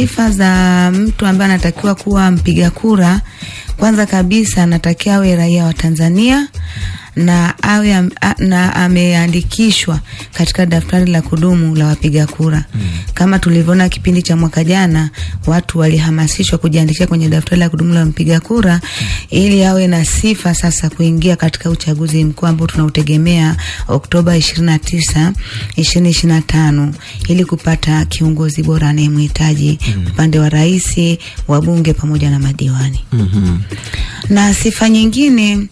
sifa za mtu ambaye anatakiwa kuwa mpiga kura, kwanza kabisa anatakiwa awe raia wa Tanzania na awe am, a, na ameandikishwa katika daftari la kudumu la wapiga kura mm. Kama tulivyoona kipindi cha mwaka jana, watu walihamasishwa kujiandikisha kwenye daftari la kudumu la mpiga kura mm. ili awe na sifa sasa kuingia katika uchaguzi mkuu ambao tunautegemea Oktoba 29, 2025 ili kupata kiongozi bora anayemhitaji mm. upande wa rais, wabunge pamoja na madiwani mm -hmm. na sifa nyingine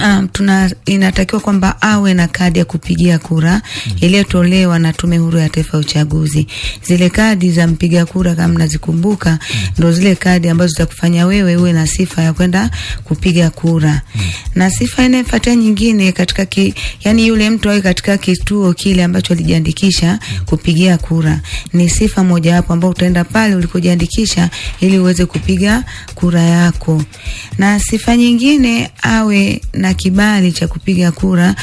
Um, tuna inatakiwa kwamba awe na kadi ya kupigia kura mm -hmm. iliyotolewa na Tume Huru ya Taifa ya Uchaguzi. Zile kadi za mpiga kura kama mnazikumbuka, mm -hmm. ndio zile kadi ambazo zitakufanya wewe uwe na sifa ya kwenda kupiga kura. Mm -hmm. Na sifa inayofuatia nyingine katika ki, yani yule mtu awe katika kituo kile ambacho alijiandikisha mhm. kupigia kura. Ni sifa moja wapo ambayo utaenda pale ulikojiandikisha ili uweze kupiga kura yako. Na sifa nyingine awe na ana kibali cha kupiga kura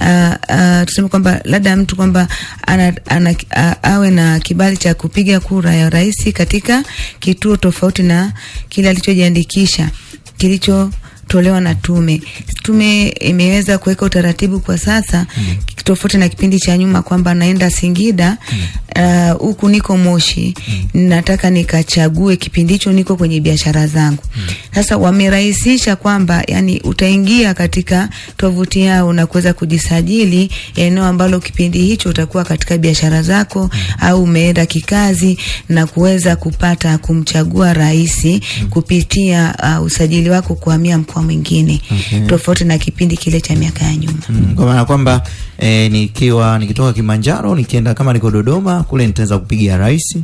uh, uh, tuseme kwamba labda mtu kwamba ana, ana, uh, awe na kibali cha kupiga kura ya rais katika kituo tofauti na kile alichojiandikisha kilicho tolewa na tume. Tume imeweza kuweka utaratibu kwa sasa mm. tofauti na kipindi cha nyuma kwamba anaenda Singida mm. Eh, huku uh, niko Moshi mm. nataka nikachague kipindi hicho niko kwenye biashara zangu mm. Sasa wamerahisisha kwamba yani utaingia katika tovuti yao na kuweza kujisajili eneo ambalo kipindi hicho utakuwa katika biashara zako mm. au umeenda kikazi na kuweza kupata kumchagua rais mm. kupitia uh, usajili wako kuhamia mkoa mwingine okay. tofauti na kipindi kile cha miaka ya nyuma mm. kwa maana kwamba eh, nikiwa nikitoka Kilimanjaro nikienda kama niko Dodoma kule nitaweza kupigia rais?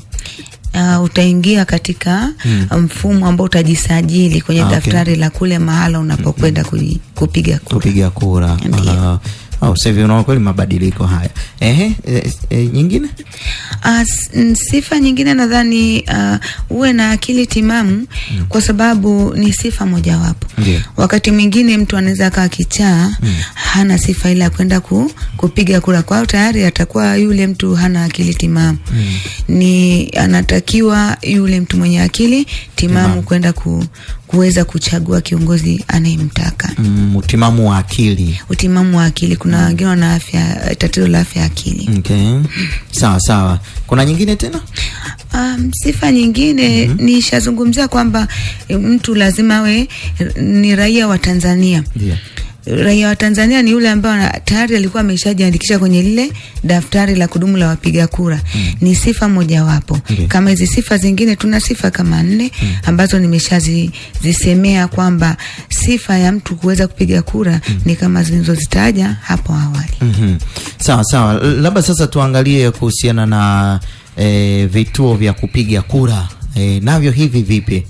Uh, utaingia katika hmm, ah, mfumo ambao utajisajili kwenye ah, daftari okay, la kule mahala unapokwenda hmm, hmm. kupiga kura, kupiga kura. Au oh, sasa hivi unaona kweli mabadiliko haya. Ehe, e, e, nyingine? As, ah, sifa nyingine nadhani uh, uwe na akili timamu mm. Kwa sababu ni sifa mojawapo. Wakati mwingine mtu anaweza kaa kichaa mm. Hana sifa ila kwenda ku, kupiga kura kwao, tayari atakuwa yule mtu hana akili timamu mm. Ni anatakiwa yule mtu mwenye akili timamu, timam. kwenda ku kuweza kuchagua kiongozi anayemtaka mm, utimamu wa akili, utimamu wa akili kuna kuna wengine wana afya eh, tatizo la afya akili. Okay. Sawa sawa. Kuna nyingine tena? Um, sifa nyingine mm -hmm. nishazungumzia kwamba eh, mtu lazima awe eh, ni raia wa Tanzania. Yeah raia wa Tanzania ni yule ambaye tayari alikuwa ameshajiandikisha kwenye lile daftari la kudumu la wapiga kura. Mm. Ni sifa mojawapo. Okay. Kama hizi sifa zingine tuna sifa kama nne mm. ambazo nimeshazisemea kwamba sifa ya mtu kuweza kupiga kura mm. ni kama zilizozitaja hapo awali. Mm -hmm. Sawa sawa. Labda sasa tuangalie kuhusiana na e, vituo vya kupiga kura. E, navyo hivi vipi?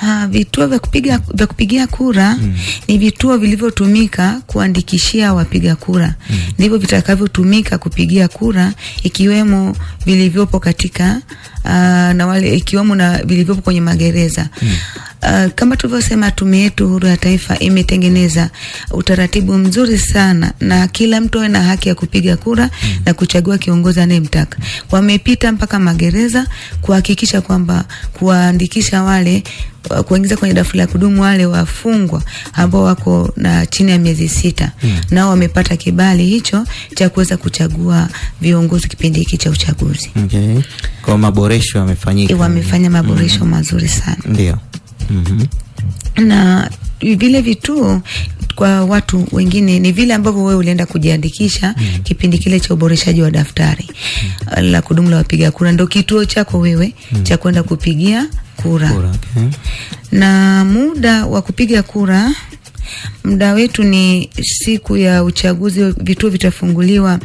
Ha, vituo vya kupiga vya kupigia kura mm. ni vituo vilivyotumika kuandikishia wapiga kura mm. ndivyo vitakavyotumika kupigia kura, ikiwemo vilivyopo katika uh, na wale ikiwemo na vilivyopo kwenye magereza mm. Uh, kama tulivyosema, Tume yetu Huru ya Taifa imetengeneza utaratibu mzuri sana, na kila mtu awe na haki ya kupiga kura mm. na kuchagua kiongozi anayemtaka. Wamepita mpaka magereza kuhakikisha kwamba kuwaandikisha wale Eh, kuingiza kwenye dafu la kudumu wale wafungwa ambao wako na chini ya miezi sita mm. Nao wamepata kibali hicho cha kuweza kuchagua viongozi kipindi hiki cha uchaguzi. Okay. Kwa maboresho yamefanyika. Eh, wamefanya hmm. maboresho mm mazuri sana. Ndio. mm -hmm. na vile vituo kwa watu wengine ni vile ambavyo wewe ulienda kujiandikisha mm. kipindi kile cha uboreshaji wa daftari mm. la kudumu la wapiga kura, ndo kituo chako wewe mm. cha kwenda kupigia kura, kura okay. na muda wa kupiga kura muda wetu ni siku ya uchaguzi, vituo vitafunguliwa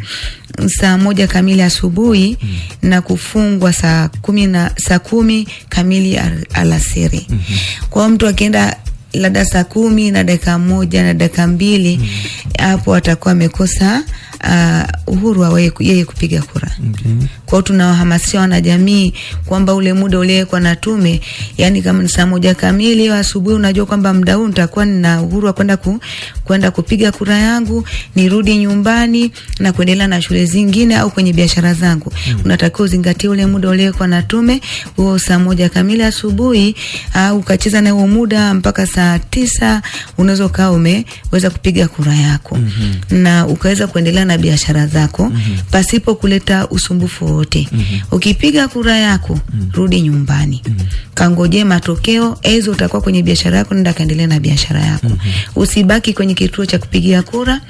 saa moja kamili asubuhi mm -hmm. na kufungwa saa kumi na saa kumi kamili al alasiri mm -hmm. Kwa mtu akienda labda saa kumi na dakika moja na dakika mbili hmm. hapo mm. atakuwa amekosa uh, uhuru wa yeye kupiga kura. Okay. Kwao tunawahamasisha wanajamii kwamba ule muda uliowekwa na tume, yani kama ni saa moja kamili asubuhi, unajua kwamba muda huu nitakuwa nina uhuru wa kwenda ku, kwenda kupiga kura yangu, nirudi nyumbani na kuendelea na shule zingine au kwenye biashara zangu. Mm. Unatakiwa uzingatie ule muda uliowekwa na tume, huo saa moja kamili asubuhi, au uh, ukacheza na huo muda mpaka saa tisa unaweza ukawa umeweza kupiga kura yako. Mm -hmm. Na ukaweza kuendelea na na biashara zako mm -hmm. pasipo kuleta usumbufu wowote mm -hmm. Ukipiga kura yako mm -hmm. rudi nyumbani mm -hmm kangoje matokeo ezo utakuwa kwenye biashara yako, nenda kaendelea na biashara yako. mm -hmm. Usibaki kwenye kituo cha kupigia kura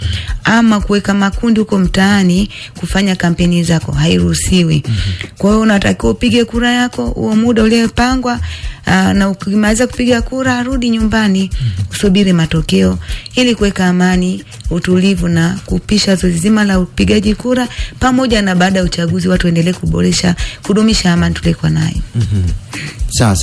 ama kuweka makundi huko mtaani kufanya kampeni zako, hairuhusiwi. mm -hmm. Kwa hiyo unatakiwa upige kura yako huo muda uliopangwa, Uh, na ukimaliza kupiga kura rudi nyumbani, mm -hmm. usubiri matokeo ili kuweka amani, utulivu na kupisha zoezi zima la upigaji kura, pamoja na baada ya uchaguzi watu waendelee kuboresha, kudumisha amani tulikuwa nayo. mm -hmm. Sasa